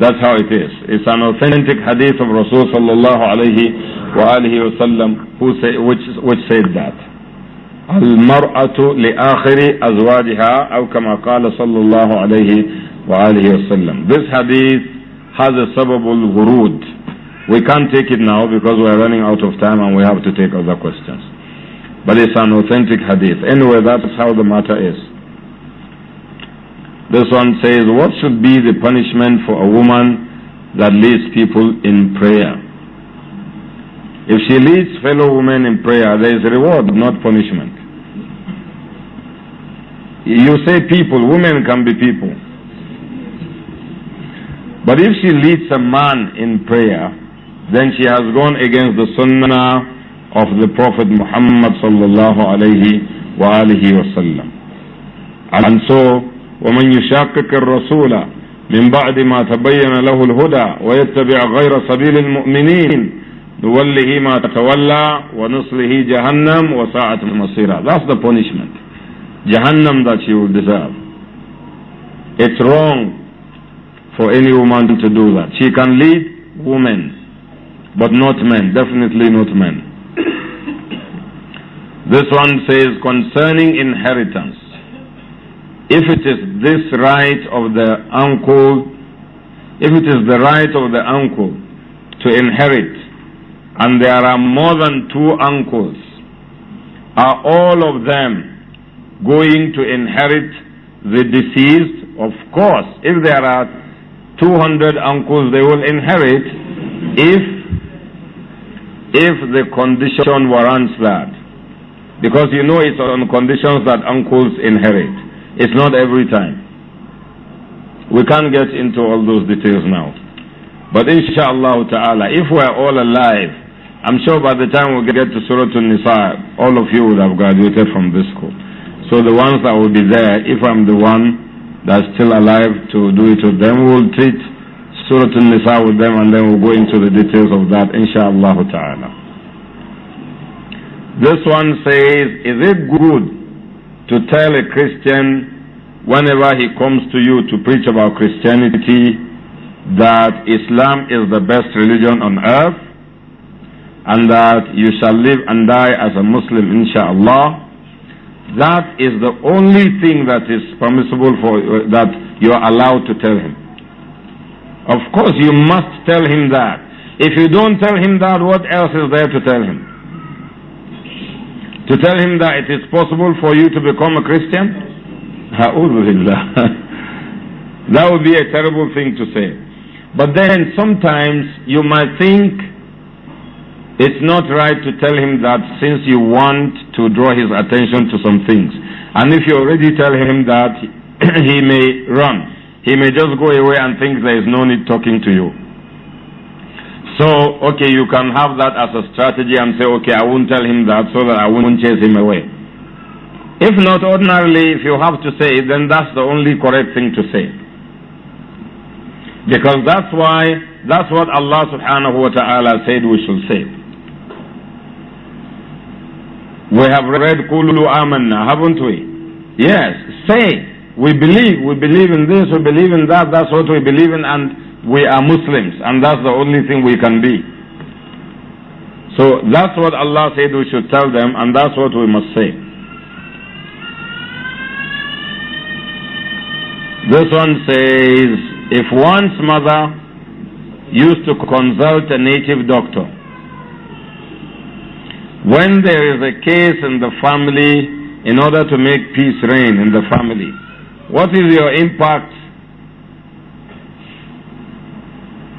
That's how it is. It's an authentic hadith of Rasulullah sallallahu alayhi wa alihi wasallam who say, which, which said that. المرأة لآخر أزواجها أو كما قال صلى الله عليه وآله وسلم This hadith has a sababul ghurud. We can't take it now because we're running out of time and we have to take other questions. But it's an authentic hadith. Anyway, that's how the matter is. This one says, What should be the punishment for a woman that leads people in prayer? If she leads fellow women in prayer, there is reward, not punishment. You say people, women can be people. But if she leads a man in prayer, then she has gone against the sunnah of the Prophet Muhammad sallallahu alayhi wa alihi wasallam. And so, ومن يشاقق الرسول من بعد ما تبين له الهدى ويتبع غير سبيل المؤمنين نوله ما تتولى ونصله جهنم وساعة مصيرا. That's the punishment. Jahannam that she will deserve. It's wrong for any woman to do that. She can lead women, but not men, definitely not men. This one says concerning inheritance. If it is this right of the uncle, if it is the right of the uncle to inherit, and there are more than two uncles, are all of them going to inherit the deceased? Of course, if there are 200 uncles, they will inherit if, if the condition warrants that. Because you know it's on conditions that uncles inherit. It's not every time. We can't get into all those details now. But inshallah ta'ala, if we're all alive, I'm sure by the time we get to Surah An-Nisa, all of you would have graduated from this school. So the ones that will be there, if I'm the one that's still alive to do it with them, we'll treat Surah Al-Nisa with them and then we'll go into the details of that, inshaAllah ta'ala. This one says, is it good to tell a Christian whenever he comes to you to preach about Christianity that Islam is the best religion on earth and that you shall live and die as a Muslim, inshaAllah? That is the only thing that is permissible for uh, that you are allowed to tell him. Of course, you must tell him that. If you don't tell him that, what else is there to tell him? To tell him that it is possible for you to become a Christian? [laughs] that would be a terrible thing to say. But then sometimes you might think it's not right to tell him that since you want to draw his attention to some things. And if you already tell him that [clears throat] he may run, he may just go away and think there is no need talking to you. So, okay, you can have that as a strategy and say, okay, I won't tell him that so that I won't chase him away. If not, ordinarily, if you have to say it, then that's the only correct thing to say. Because that's why, that's what Allah subhanahu wa ta'ala said we should say. We have read Kulu Amanna, haven't we? Yes, say, we believe, we believe in this, we believe in that, that's what we believe in, and we are Muslims, and that's the only thing we can be. So that's what Allah said we should tell them, and that's what we must say. This one says, if one's mother used to consult a native doctor, when there is a case in the family, in order to make peace reign in the family, what is your impact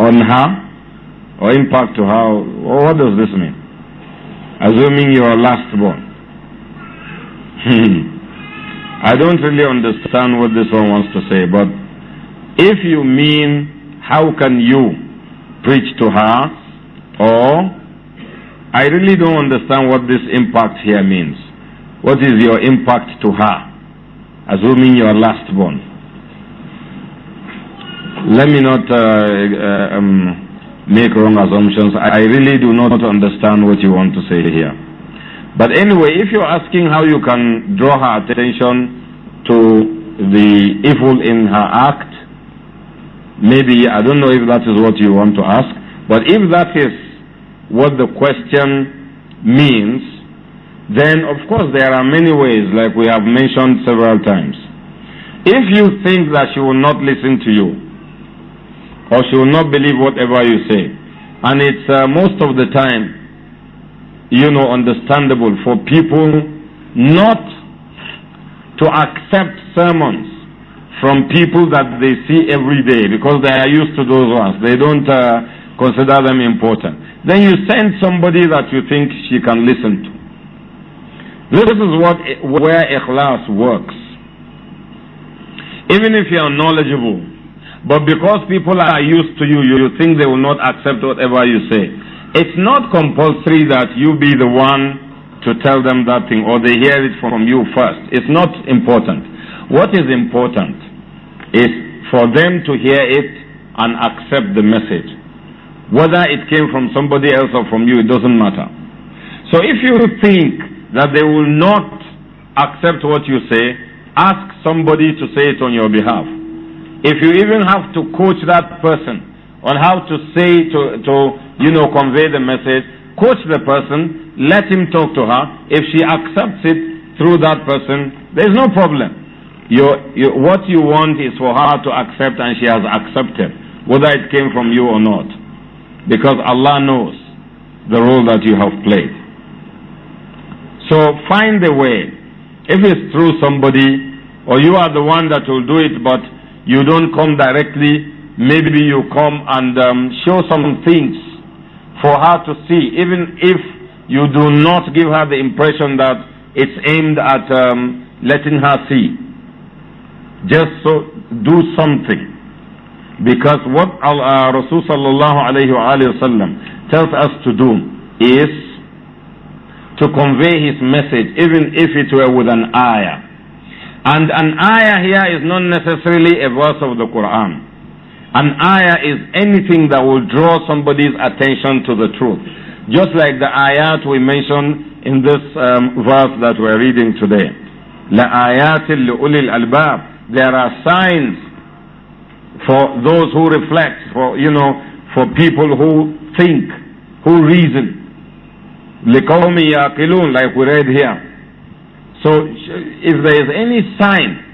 on her or impact to her? What does this mean? Assuming you are last born. [laughs] I don't really understand what this one wants to say, but if you mean how can you preach to her or I really don't understand what this impact here means. What is your impact to her? Assuming your last born. Let me not uh, uh, um, make wrong assumptions. I really do not understand what you want to say here. But anyway, if you're asking how you can draw her attention to the evil in her act, maybe, I don't know if that is what you want to ask, but if that is what the question means, then of course there are many ways, like we have mentioned several times. If you think that she will not listen to you, or she will not believe whatever you say, and it's uh, most of the time, you know, understandable for people not to accept sermons from people that they see every day because they are used to those ones. They don't uh, consider them important. Then you send somebody that you think she can listen to. This is what where ikhlas works. Even if you are knowledgeable, but because people are used to you, you think they will not accept whatever you say. It's not compulsory that you be the one to tell them that thing or they hear it from you first. It's not important. What is important is for them to hear it and accept the message. Whether it came from somebody else or from you, it doesn't matter. So if you think that they will not accept what you say, ask somebody to say it on your behalf. If you even have to coach that person on how to say, to, to you know, convey the message, coach the person, let him talk to her. If she accepts it through that person, there's no problem. You what you want is for her to accept and she has accepted, whether it came from you or not because Allah knows the role that you have played. So find a way. If it's through somebody, or you are the one that will do it, but you don't come directly, maybe you come and um, show some things for her to see, even if you do not give her the impression that it's aimed at um, letting her see. Just so, do something. Because what uh, Rasul sallallahu alayhi wa tells us to do is to convey his message even if it were with an ayah. And an ayah here is not necessarily a verse of the Quran. An ayah is anything that will draw somebody's attention to the truth. Just like the ayat we mentioned in this um, verse that we're reading today. لَآيَاتٍ لِأُولِي الْأَلْبَابِ There are signs for those who reflect, for, you know, for people who think, who reason. Like we read here. So if there is any sign